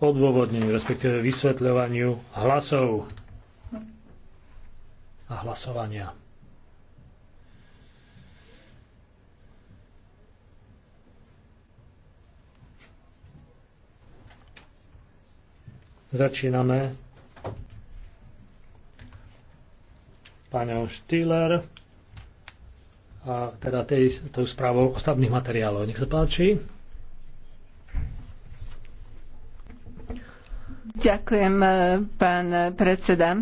odôvodneniu, respektíve vysvetľovaniu hlasov a hlasovania. Začíname páňou Štýler a teda tej, tou správou ostatných materiálov. Nech sa páči. Ďakujem, e, pán predseda.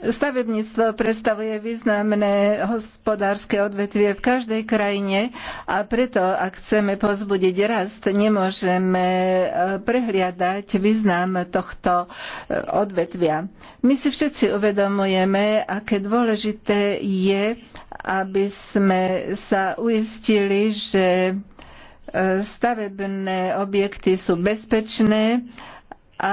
Stavebníctvo predstavuje významné hospodárske odvetvie v každej krajine a preto, ak chceme pozbudiť rast, nemôžeme e, prehliadať význam tohto e, odvetvia. My si všetci uvedomujeme, aké dôležité je, aby sme sa uistili, že stavebné objekty sú bezpečné a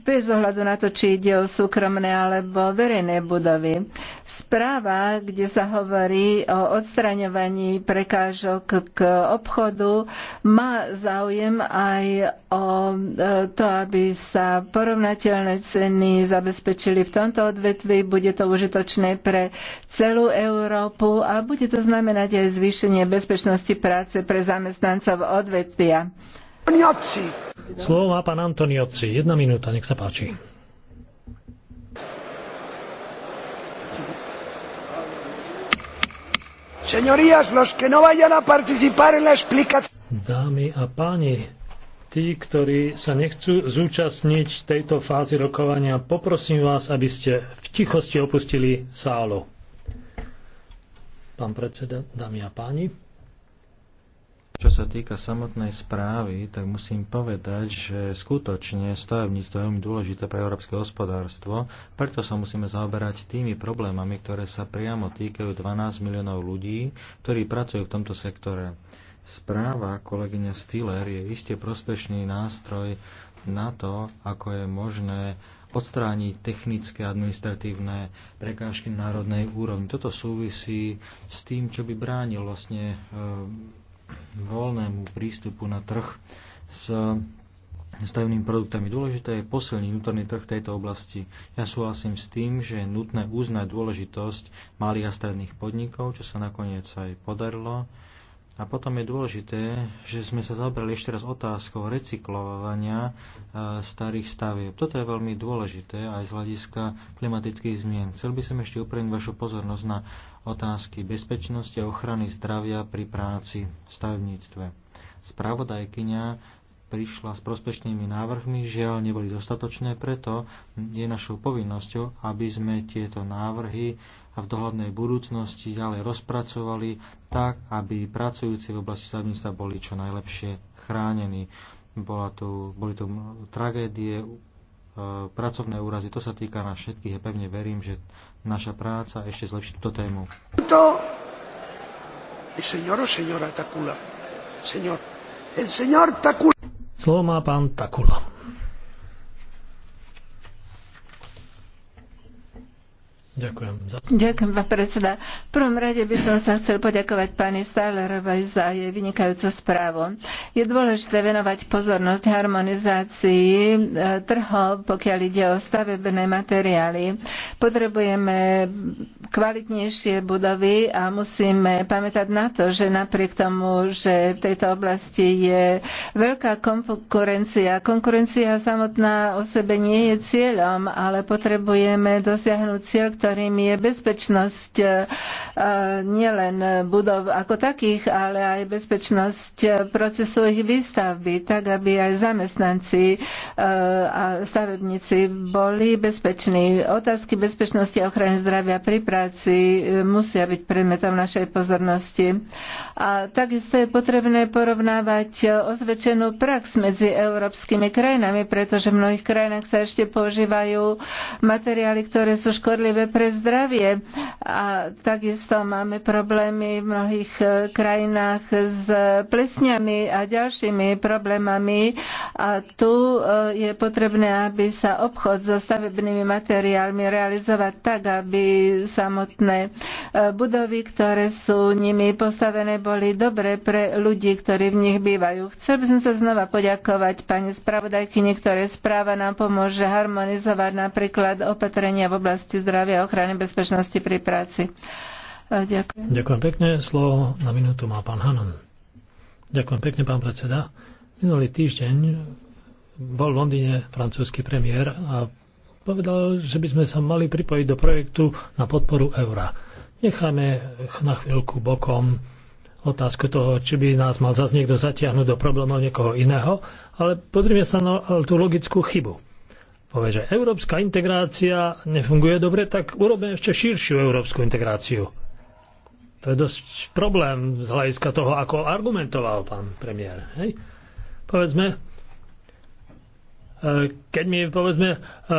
bez ohľadu na to, či ide o súkromné alebo verejné budovy. Správa, kde sa hovorí o odstraňovaní prekážok k obchodu, má záujem aj o e, to, aby sa porovnateľné ceny zabezpečili v tomto odvetvi. Bude to užitočné pre celú Európu a bude to znamenať aj zvýšenie bezpečnosti práce pre zamestnancov odvetvia. Antoniocci. Slovo má pán Antoniocci. Jedna minúta, nech sa páči. No dámy a páni, tí, ktorí sa nechcú zúčastniť tejto fázy rokovania, poprosím vás, aby ste v tichosti opustili sálu. Pán predseda, dámy a páni. Čo sa týka samotnej správy, tak musím povedať, že skutočne stavebníctvo je veľmi dôležité pre európske hospodárstvo, preto sa musíme zaoberať tými problémami, ktoré sa priamo týkajú 12 miliónov ľudí, ktorí pracujú v tomto sektore. Správa kolegyňa Stiller je iste prospešný nástroj na to, ako je možné odstrániť technické administratívne prekážky národnej úrovni. Toto súvisí s tým, čo by bránil vlastne voľnému prístupu na trh s stavebnými produktami. Dôležité je posilniť vnútorný trh v tejto oblasti. Ja súhlasím s tým, že je nutné uznať dôležitosť malých a stredných podnikov, čo sa nakoniec aj podarilo. A potom je dôležité, že sme sa zabrali ešte raz otázkou recyklovania e, starých stavieb. Toto je veľmi dôležité aj z hľadiska klimatických zmien. Chcel by som ešte upremiť vašu pozornosť na otázky bezpečnosti a ochrany zdravia pri práci v stavebníctve. Spravodajkyňa prišla s prospešnými návrhmi, žiaľ neboli dostatočné, preto je našou povinnosťou, aby sme tieto návrhy a v dohľadnej budúcnosti ďalej rozpracovali tak, aby pracujúci v oblasti stavebníctva boli čo najlepšie chránení. Bola tu, boli tu tragédie, e, pracovné úrazy, to sa týka na všetkých. Ja pevne verím, že naša práca ešte zlepší túto tému. To señor o Takula. senor, El senor Takula. Slovo má pán Takula. Ďakujem. Za... Ďakujem, pán predseda. V prvom rade by som sa chcel poďakovať pani Stalerovej za jej vynikajúcu správu. Je dôležité venovať pozornosť harmonizácii e, trhov, pokiaľ ide o stavebné materiály. Potrebujeme kvalitnejšie budovy a musíme pamätať na to, že napriek tomu, že v tejto oblasti je veľká konkurencia, konkurencia samotná o sebe nie je cieľom, ale potrebujeme dosiahnuť cieľ, ktorý ktorým je bezpečnosť e, nielen budov ako takých, ale aj bezpečnosť procesu ich výstavby, tak aby aj zamestnanci e, a stavebníci boli bezpeční. Otázky bezpečnosti a ochrany zdravia pri práci e, musia byť predmetom našej pozornosti. A takisto je potrebné porovnávať ozvečenú prax medzi európskymi krajinami, pretože v mnohých krajinách sa ešte používajú materiály, ktoré sú škodlivé pre pre zdravie. A takisto máme problémy v mnohých e, krajinách s plesňami a ďalšími problémami. A tu e, je potrebné, aby sa obchod so stavebnými materiálmi realizovať tak, aby samotné e, budovy, ktoré sú nimi postavené, boli dobre pre ľudí, ktorí v nich bývajú. Chcel by som sa znova poďakovať pani spravodajkyni, ktoré správa nám pomôže harmonizovať napríklad opatrenia v oblasti zdravia a ochrany bezpečnosti pri práci. E, ďakujem. Ďakujem pekne. Slovo na minútu má pán Hanon. Ďakujem pekne, pán predseda. Minulý týždeň bol v Londýne francúzsky premiér a povedal, že by sme sa mali pripojiť do projektu na podporu eura. Necháme na chvíľku bokom otázku toho, či by nás mal zase niekto zatiahnuť do problémov niekoho iného, ale pozrime sa na tú logickú chybu povie, že európska integrácia nefunguje dobre, tak urobíme ešte širšiu európsku integráciu. To je dosť problém z hľadiska toho, ako argumentoval pán premiér. Hej? Povedzme, e, keď mi povedzme e,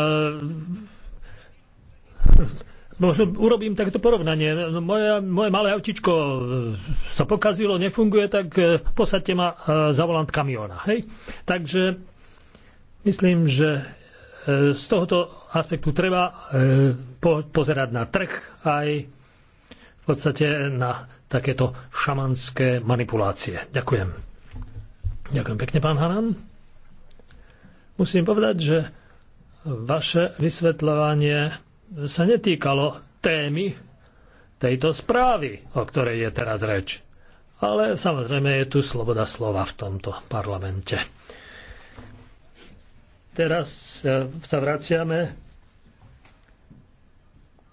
možno urobím takéto porovnanie. No, moje, moje malé autičko e, sa pokazilo, nefunguje, tak posadte ma za volant kamiona. Hej? Takže myslím, že E, z tohoto aspektu treba e, pozerať na trh aj v podstate na takéto šamanské manipulácie. Ďakujem. Ďakujem pekne, pán Hanan. Musím povedať, že vaše vysvetľovanie sa netýkalo témy tejto správy, o ktorej je teraz reč. Ale samozrejme je tu sloboda slova v tomto parlamente. Teraz e, sa vraciame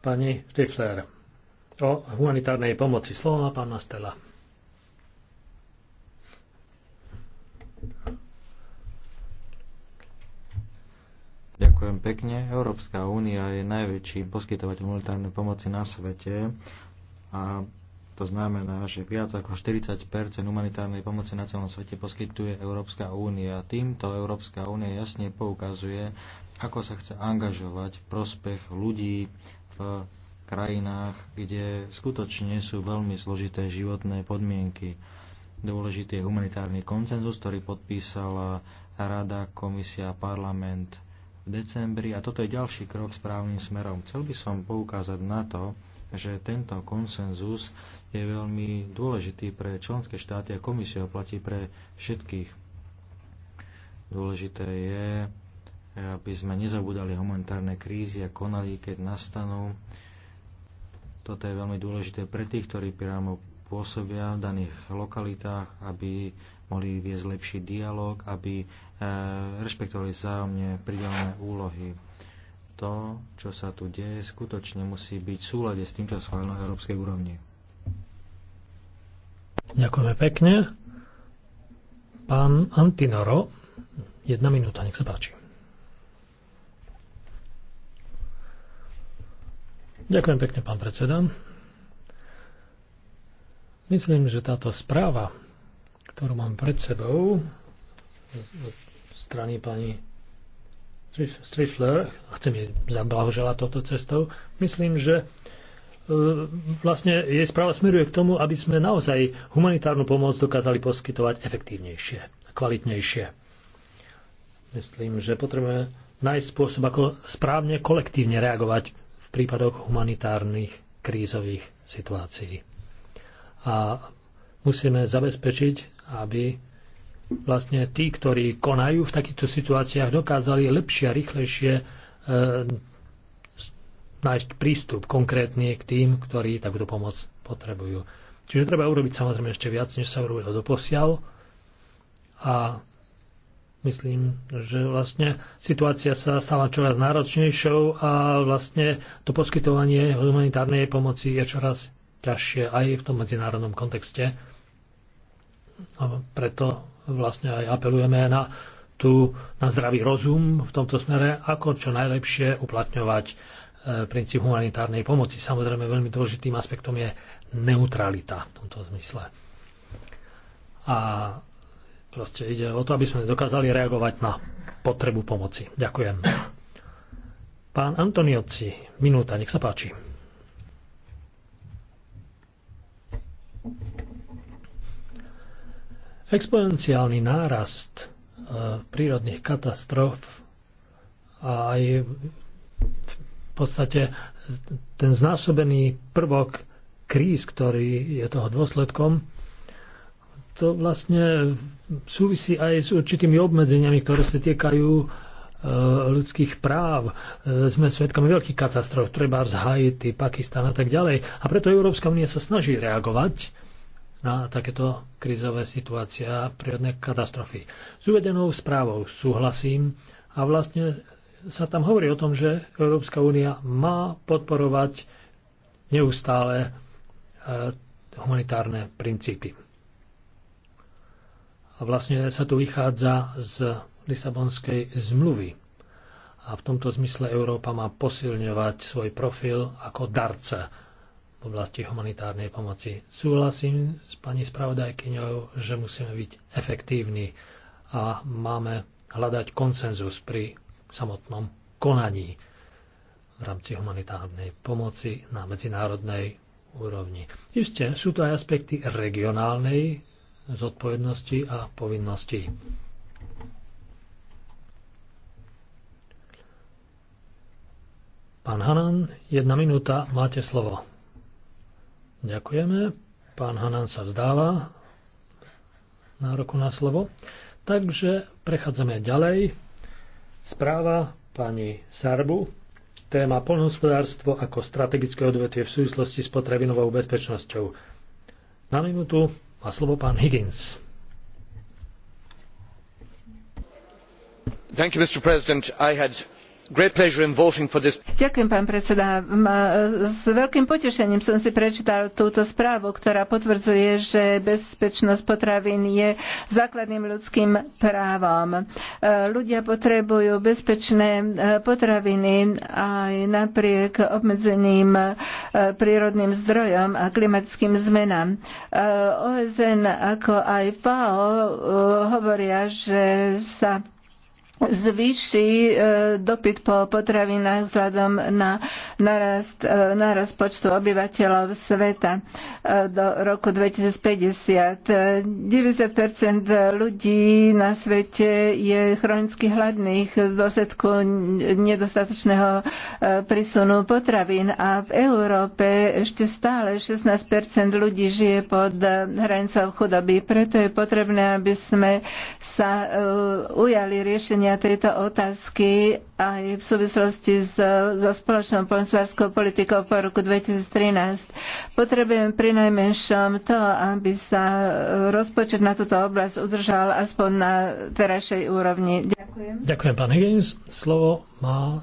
pani Štifler o humanitárnej pomoci. Slovo má pána Stela. Ďakujem pekne. Európska únia je najväčší poskytovateľ humanitárnej pomoci na svete a to znamená, že viac ako 40 humanitárnej pomoci na celom svete poskytuje Európska únia. Týmto Európska únia jasne poukazuje, ako sa chce angažovať v prospech ľudí v krajinách, kde skutočne sú veľmi zložité životné podmienky. Dôležitý je humanitárny koncenzus, ktorý podpísala Rada, Komisia, Parlament v decembri a toto je ďalší krok správnym smerom. Chcel by som poukázať na to, že tento konsenzus je veľmi dôležitý pre členské štáty a komisia platí pre všetkých. Dôležité je, aby sme nezabudali humanitárne krízy a konali, keď nastanú. Toto je veľmi dôležité pre tých, ktorí priamo pôsobia v daných lokalitách, aby mohli viesť lepší dialog, aby eh, rešpektovali vzájomne pridelené úlohy to, čo sa tu deje, skutočne musí byť v súlade s tým, čo sa na európskej úrovni. Ďakujeme pekne. Pán Antinoro, jedna minúta, nech sa páči. Ďakujem pekne, pán predseda. Myslím, že táto správa, ktorú mám pred sebou, strany pani Strifler, a chcem jej zablahoželať touto cestou, myslím, že e, vlastne jej správa smeruje k tomu, aby sme naozaj humanitárnu pomoc dokázali poskytovať efektívnejšie, kvalitnejšie. Myslím, že potrebujeme nájsť spôsob, ako správne kolektívne reagovať v prípadoch humanitárnych krízových situácií. A musíme zabezpečiť, aby vlastne tí, ktorí konajú v takýchto situáciách, dokázali lepšie a rýchlejšie e, nájsť prístup konkrétne k tým, ktorí takúto pomoc potrebujú. Čiže treba urobiť samozrejme ešte viac, než sa urobilo doposiaľ. A myslím, že vlastne situácia sa stáva čoraz náročnejšou a vlastne to poskytovanie humanitárnej pomoci je čoraz ťažšie aj v tom medzinárodnom kontexte. A preto vlastne aj apelujeme na, tu, na zdravý rozum v tomto smere, ako čo najlepšie uplatňovať e, princíp humanitárnej pomoci. Samozrejme, veľmi dôležitým aspektom je neutralita v tomto zmysle. A proste ide o to, aby sme dokázali reagovať na potrebu pomoci. Ďakujem. Pán Antonioci, minúta, nech sa páči. Exponenciálny nárast e, prírodných katastrof a aj v podstate ten znásobený prvok kríz, ktorý je toho dôsledkom, to vlastne súvisí aj s určitými obmedzeniami, ktoré sa týkajú e, ľudských práv. E, sme svedkami veľkých katastrof, treba z Haiti, Pakistan a tak ďalej. A preto Európska únia sa snaží reagovať na takéto krizové situácie a prírodné katastrofy. S uvedenou správou súhlasím a vlastne sa tam hovorí o tom, že Európska únia má podporovať neustále e, humanitárne princípy. A vlastne sa tu vychádza z Lisabonskej zmluvy. A v tomto zmysle Európa má posilňovať svoj profil ako darca v oblasti humanitárnej pomoci. Súhlasím s pani spravodajkyňou, že musíme byť efektívni a máme hľadať konsenzus pri samotnom konaní v rámci humanitárnej pomoci na medzinárodnej úrovni. Isté, sú to aj aspekty regionálnej zodpovednosti a povinnosti. Pán Hanan, jedna minúta, máte slovo. Ďakujeme. Pán Hanan sa vzdáva nároku na slovo. Takže prechádzame ďalej. Správa pani Sarbu. Téma polnohospodárstvo ako strategické odvetvie v súvislosti s potravinovou bezpečnosťou. Na minútu má slovo pán Higgins. Thank you, Mr. President. I had Ďakujem, e, S veľkým potešením som si prečítal túto správu, ktorá potvrdzuje, že bezpečnosť potravín je základným ľudským právom. E, ľudia potrebujú bezpečné e, potraviny aj napriek obmedzeným prírodným zdrojom a klimatickým zmenám. OSN ako aj FAO hovoria, že sa zvýši e, dopyt po potravinách vzhľadom na narast, e, narast počtu obyvateľov sveta e, do roku 2050. 90% ľudí na svete je chronicky hladných v dôsledku nedostatočného prísunu potravín a v Európe ešte stále 16% ľudí žije pod hranicou chudoby. Preto je potrebné, aby sme sa ujali riešenie riešenia tejto otázky aj v súvislosti so, so spoločnou poľnospodárskou politikou po roku 2013. Potrebujem pri najmenšom to, aby sa rozpočet na túto oblasť udržal aspoň na terajšej úrovni. Ďakujem. Ďakujem, pán Higgins. Slovo má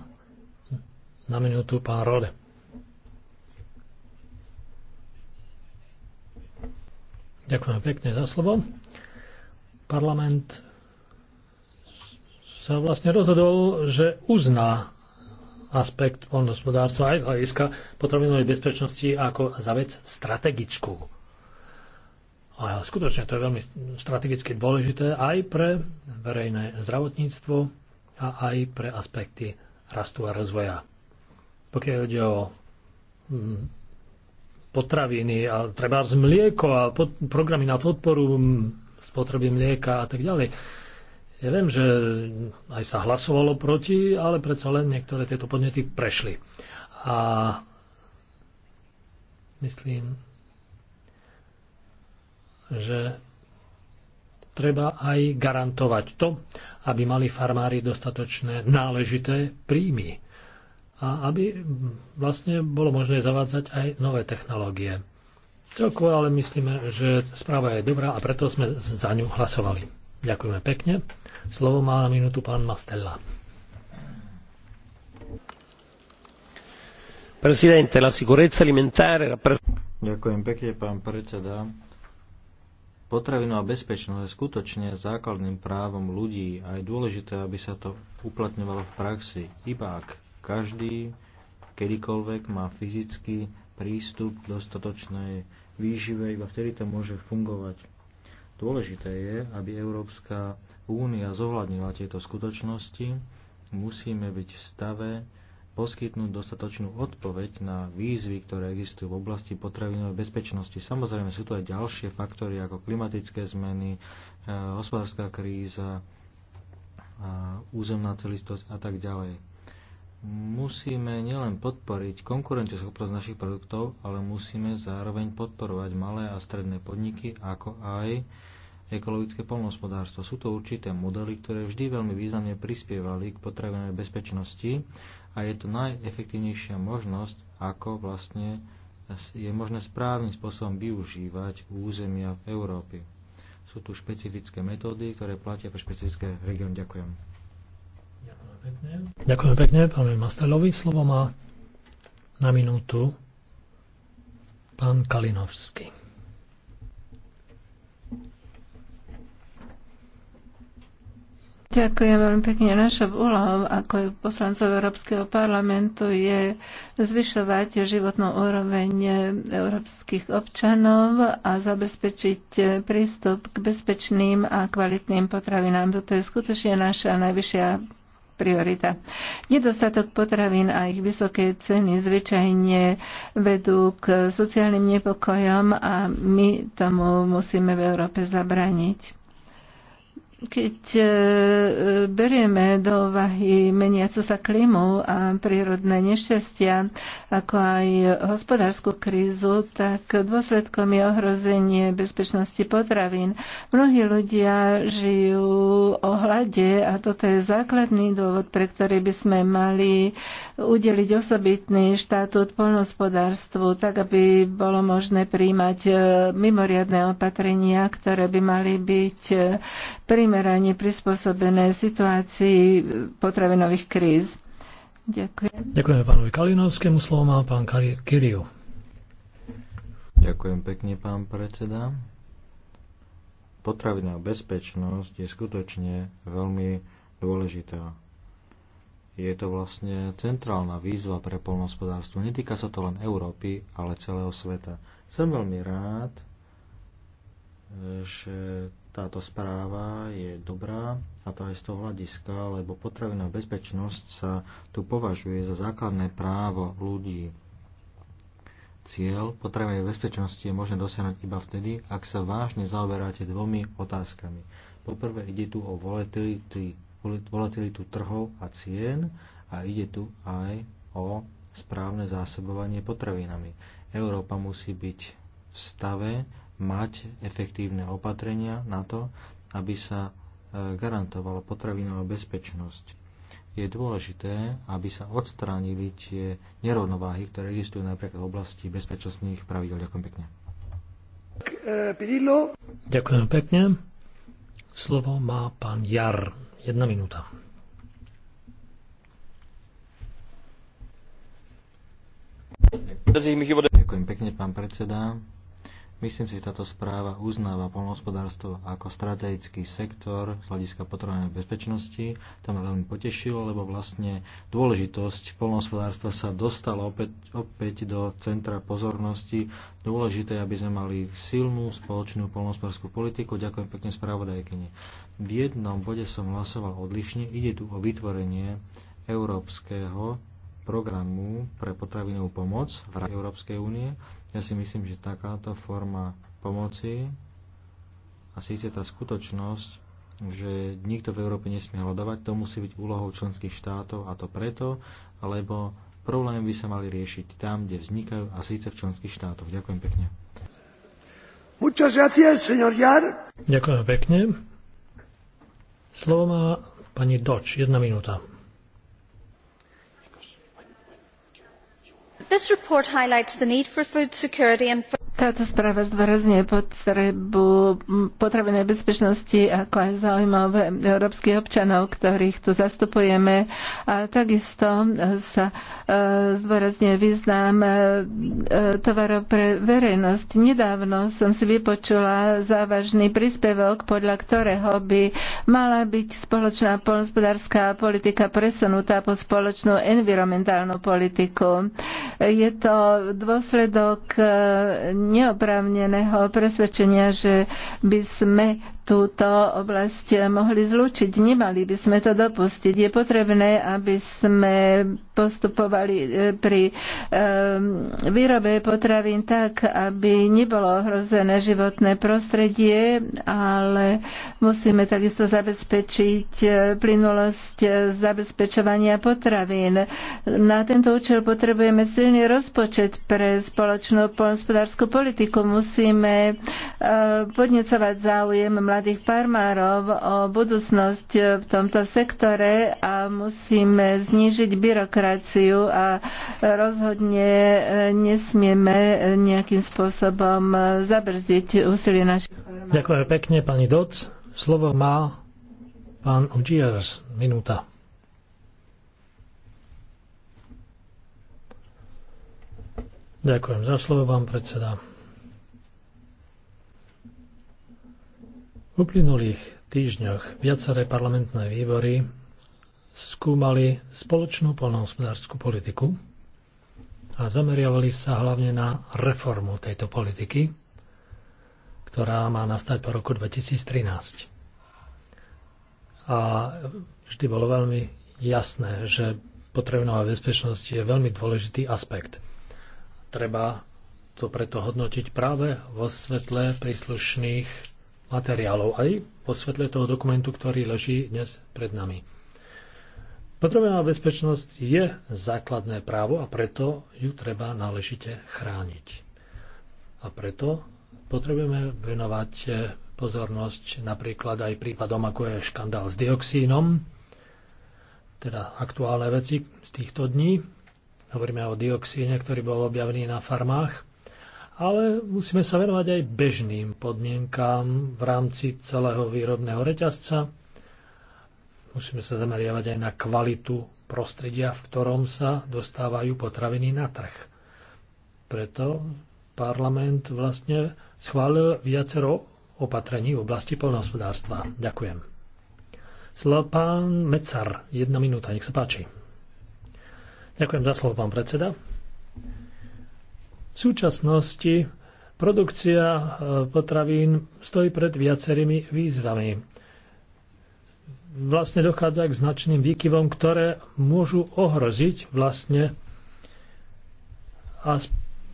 na minútu pán Rode. Ďakujem pekne za slovo. Parlament sa vlastne rozhodol, že uzná aspekt poľnohospodárstva aj z hľadiska potravinovej bezpečnosti ako za vec strategickú. A skutočne to je veľmi strategicky dôležité aj pre verejné zdravotníctvo a aj pre aspekty rastu a rozvoja. Pokiaľ ide o mm, potraviny a treba z mlieko a programy na podporu mm, spotreby mlieka a tak ďalej ja viem, že aj sa hlasovalo proti, ale predsa len niektoré tieto podnety prešli. A myslím, že treba aj garantovať to, aby mali farmári dostatočné náležité príjmy a aby vlastne bolo možné zavádzať aj nové technológie. Celkovo ale myslíme, že správa je dobrá a preto sme za ňu hlasovali. Ďakujeme pekne. Slovo má na minútu pán Mastella. Prezidente. la sicurezza alimentare Ďakujem pekne, pán predseda. Potravinová bezpečnosť je skutočne základným právom ľudí a je dôležité, aby sa to uplatňovalo v praxi. Iba ak každý kedykoľvek má fyzický prístup k dostatočnej výžive, iba vtedy to môže fungovať. Dôležité je, aby Európska únia zohľadnila tieto skutočnosti. Musíme byť v stave poskytnúť dostatočnú odpoveď na výzvy, ktoré existujú v oblasti potravinovej bezpečnosti. Samozrejme sú tu aj ďalšie faktory ako klimatické zmeny, e, hospodárska kríza, e, územná celistosť a tak ďalej. Musíme nielen podporiť konkurenteschopnosť našich produktov, ale musíme zároveň podporovať malé a stredné podniky, ako aj ekologické polnohospodárstvo. Sú to určité modely, ktoré vždy veľmi významne prispievali k potravinovej bezpečnosti a je to najefektívnejšia možnosť, ako vlastne je možné správnym spôsobom využívať územia v Európe. Sú tu špecifické metódy, ktoré platia pre špecifické regióny. Ďakujem. Ďakujem pekne. Ďakujem pekne, pánovi Mastelovi. Slovo má na minútu pán Kalinovský. Ďakujem veľmi pekne. Našou úlohou ako poslancov Európskeho parlamentu je zvyšovať životnú úroveň európskych občanov a zabezpečiť prístup k bezpečným a kvalitným potravinám. To je skutočne naša najvyššia priorita. Nedostatok potravín a ich vysoké ceny zvyčajne vedú k sociálnym nepokojom a my tomu musíme v Európe zabrániť. Keď e, e, berieme do úvahy meniaco sa klímu a prírodné nešťastia, ako aj hospodárskú krízu, tak dôsledkom je ohrozenie bezpečnosti potravín. Mnohí ľudia žijú o hlade a toto je základný dôvod, pre ktorý by sme mali udeliť osobitný štatút polnospodárstvu, tak aby bolo možné príjmať e, mimoriadne opatrenia, ktoré by mali byť príjmané primerane prispôsobené situácii potravinových kríz. Ďakujem. Ďakujeme pánovi Kalinovskému. Slovo má pán Kiriu. Ďakujem pekne, pán predseda. Potravinová bezpečnosť je skutočne veľmi dôležitá. Je to vlastne centrálna výzva pre polnohospodárstvo. Netýka sa to len Európy, ale celého sveta. Som veľmi rád, že táto správa je dobrá a to aj z toho hľadiska, lebo potravinová bezpečnosť sa tu považuje za základné právo ľudí. Cieľ potravinovej bezpečnosti je možné dosiahnuť iba vtedy, ak sa vážne zaoberáte dvomi otázkami. Poprvé ide tu o volatilitu, volatilitu trhov a cien a ide tu aj o správne zásobovanie potravinami. Európa musí byť v stave mať efektívne opatrenia na to, aby sa e, garantovala potravinová bezpečnosť. Je dôležité, aby sa odstránili tie nerovnováhy, ktoré existujú napríklad v oblasti bezpečnostných pravidel. Ďakujem pekne. Ďakujem pekne. Slovo má pán Jar. Jedna minúta. Ďakujem pekne, pán predseda. Myslím si, že táto správa uznáva polnohospodárstvo ako strategický sektor z hľadiska potravinovej bezpečnosti. To ma veľmi potešilo, lebo vlastne dôležitosť polnohospodárstva sa dostala opäť, opäť do centra pozornosti. Dôležité, aby sme mali silnú spoločnú polnohospodárskú politiku. Ďakujem pekne spravodajkyni. V jednom bode som hlasoval odlišne. Ide tu o vytvorenie európskeho programu pre potravinovú pomoc v rámci Európskej únie. Ja si myslím, že takáto forma pomoci a síce tá skutočnosť, že nikto v Európe nesmie hľadovať, to musí byť úlohou členských štátov a to preto, lebo problémy by sa mali riešiť tam, kde vznikajú a síce v členských štátoch. Ďakujem pekne. Ďakujem pekne. Slovo má pani Doč, jedna minúta. this report highlights the need for food security and. Táto správa zdôrazňuje potrebu potravinej bezpečnosti ako aj zaujímavé európskych občanov, ktorých tu zastupujeme. A takisto sa e, zdôrazňuje význam e, tovarov pre verejnosť. Nedávno som si vypočula závažný príspevok, podľa ktorého by mala byť spoločná polnospodárska politika presunutá po spoločnú environmentálnu politiku. Je to dôsledok e, neoprávneného presvedčenia, že by sme túto oblasť mohli zlúčiť. Nemali by sme to dopustiť. Je potrebné, aby sme postupovali e, pri e, výrobe potravín tak, aby nebolo ohrozené životné prostredie, ale musíme takisto zabezpečiť e, plynulosť zabezpečovania potravín. Na tento účel potrebujeme silný rozpočet pre spoločnú poľnospodárskú politiku. Musíme podnecovať záujem mladých farmárov o budúcnosť v tomto sektore a musíme znížiť byrokraciu demokraciu a rozhodne e, nesmieme nejakým spôsobom e, zabrzdiť úsilie našich farmárov. Ďakujem pekne, pani Doc. Slovo má pán Ujiers. Minúta. Ďakujem za slovo, pán predseda. V uplynulých týždňoch viaceré parlamentné výbory skúmali spoločnú polnohospodárskú politiku a zameriavali sa hlavne na reformu tejto politiky, ktorá má nastať po roku 2013. A vždy bolo veľmi jasné, že potrebná bezpečnosť je veľmi dôležitý aspekt. Treba to preto hodnotiť práve vo svetle príslušných materiálov, aj vo svetle toho dokumentu, ktorý leží dnes pred nami. Potravinová bezpečnosť je základné právo a preto ju treba náležite chrániť. A preto potrebujeme venovať pozornosť napríklad aj prípadom, ako je škandál s dioxínom, teda aktuálne veci z týchto dní. Hovoríme o dioxíne, ktorý bol objavený na farmách, ale musíme sa venovať aj bežným podmienkám v rámci celého výrobného reťazca, Musíme sa zameriavať aj na kvalitu prostredia, v ktorom sa dostávajú potraviny na trh. Preto parlament vlastne schválil viacero opatrení v oblasti polnohospodárstva. Ďakujem. Slovo pán Mecar, jedna minúta, nech sa páči. Ďakujem za slovo, pán predseda. V súčasnosti produkcia e, potravín stojí pred viacerými výzvami vlastne dochádza k značným výkyvom, ktoré môžu ohroziť vlastne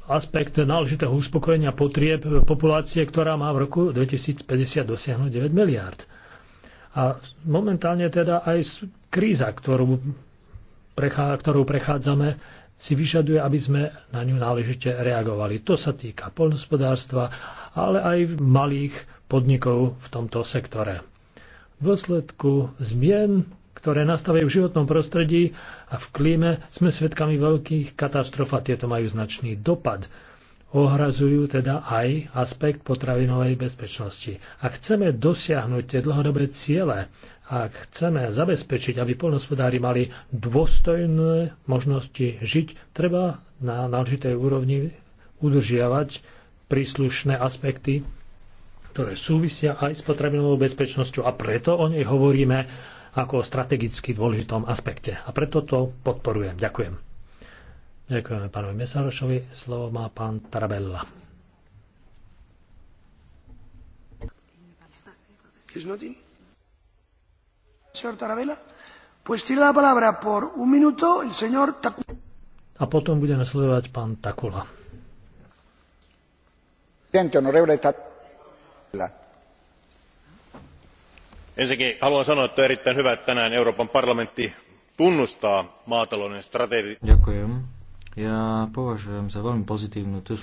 aspekt náležitého uspokojenia potrieb populácie, ktorá má v roku 2050 dosiahnuť 9 miliárd. A momentálne teda aj kríza, ktorú, prechá, ktorú prechádzame, si vyžaduje, aby sme na ňu náležite reagovali. To sa týka poľnospodárstva, ale aj malých podnikov v tomto sektore. V dôsledku zmien, ktoré nastávajú v životnom prostredí a v klíme, sme svedkami veľkých katastrof a tieto majú značný dopad. Ohrazujú teda aj aspekt potravinovej bezpečnosti. Ak chceme dosiahnuť tie dlhodobé ciele, ak chceme zabezpečiť, aby polnospodári mali dôstojné možnosti žiť, treba na náležitej úrovni udržiavať príslušné aspekty ktoré súvisia aj s potravinovou bezpečnosťou a preto o nej hovoríme ako o strategicky dôležitom aspekte. A preto to podporujem. Ďakujem. Ďakujeme pánovi Mesarošovi. Slovo má pán Tarabella. A potom bude nasledovať pán Takula. Presidente, onorevole ensinnäkin haluan sanoa että on erittäin hyvä että tänään euroopan parlamentti tunnustaa maatalouden strategisen. Ja e,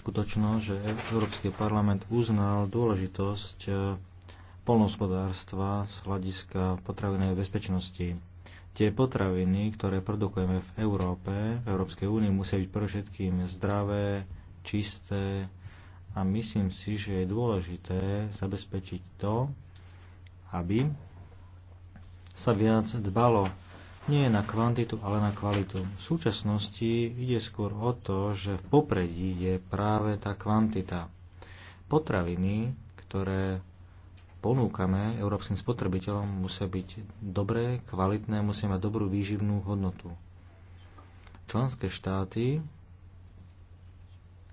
z hľadiska potravinovej bezpečnosti. Tie potraviny, ktoré produkujeme v Európe, v Európskej únii, musia byť predovšetkým zdravé, čisté, a myslím si, že je dôležité zabezpečiť to, aby sa viac dbalo nie na kvantitu, ale na kvalitu. V súčasnosti ide skôr o to, že v popredí je práve tá kvantita. Potraviny, ktoré ponúkame európskym spotrebiteľom, musia byť dobré, kvalitné, musia mať dobrú výživnú hodnotu. Členské štáty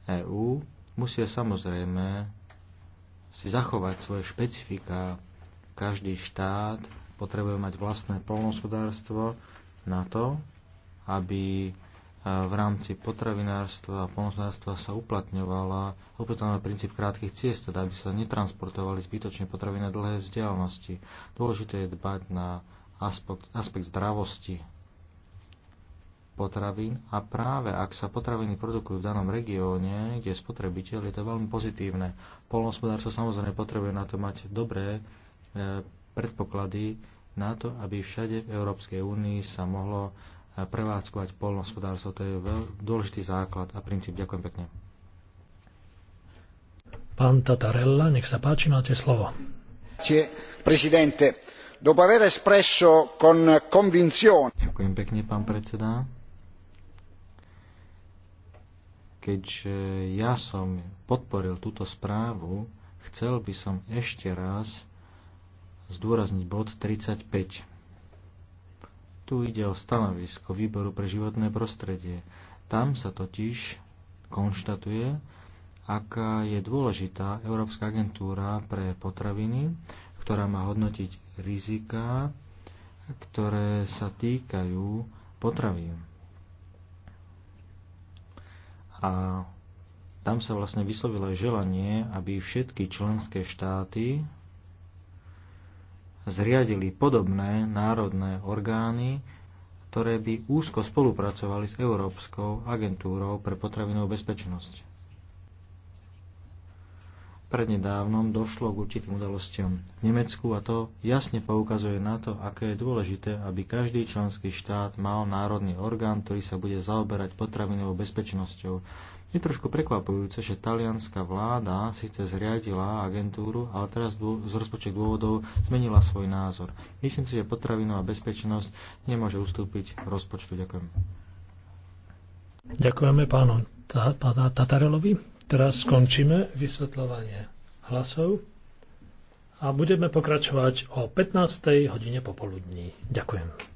EÚ musia samozrejme si zachovať svoje špecifika. Každý štát potrebuje mať vlastné polnospodárstvo na to, aby eh, v rámci potravinárstva a polnospodárstva sa uplatňovala uplatňovala princíp krátkych ciest, teda aby sa netransportovali zbytočne potraviny na dlhé vzdialenosti. Dôležité je dbať na aspekt, aspekt zdravosti potravín a práve ak sa potraviny produkujú v danom regióne, kde je spotrebiteľ, je to veľmi pozitívne. Polnohospodárstvo samozrejme potrebuje na to mať dobré e, predpoklady na to, aby všade v Európskej únii sa mohlo e, prevádzkovať polnohospodárstvo. To je veľmi dôležitý základ a princíp. Ďakujem pekne. Pán Tatarella, nech sa páči, máte slovo. Ďakujem pekne, pán predseda Keďže ja som podporil túto správu, chcel by som ešte raz zdôrazniť bod 35. Tu ide o stanovisko Výboru pre životné prostredie. Tam sa totiž konštatuje, aká je dôležitá Európska agentúra pre potraviny, ktorá má hodnotiť riziká, ktoré sa týkajú potravín. A tam sa vlastne vyslovilo aj želanie, aby všetky členské štáty zriadili podobné národné orgány, ktoré by úzko spolupracovali s Európskou agentúrou pre potravinovú bezpečnosť prednedávnom došlo k určitým udalostiam v Nemecku a to jasne poukazuje na to, aké je dôležité, aby každý členský štát mal národný orgán, ktorý sa bude zaoberať potravinovou bezpečnosťou. Je trošku prekvapujúce, že talianská vláda síce zriadila agentúru, ale teraz z rozpočet dôvodov zmenila svoj názor. Myslím si, že potravinová bezpečnosť nemôže ustúpiť rozpočtu. Ďakujem. Ďakujeme pánu Tatarelovi. Teraz skončíme vysvetľovanie hlasov a budeme pokračovať o 15. hodine popoludní. Ďakujem.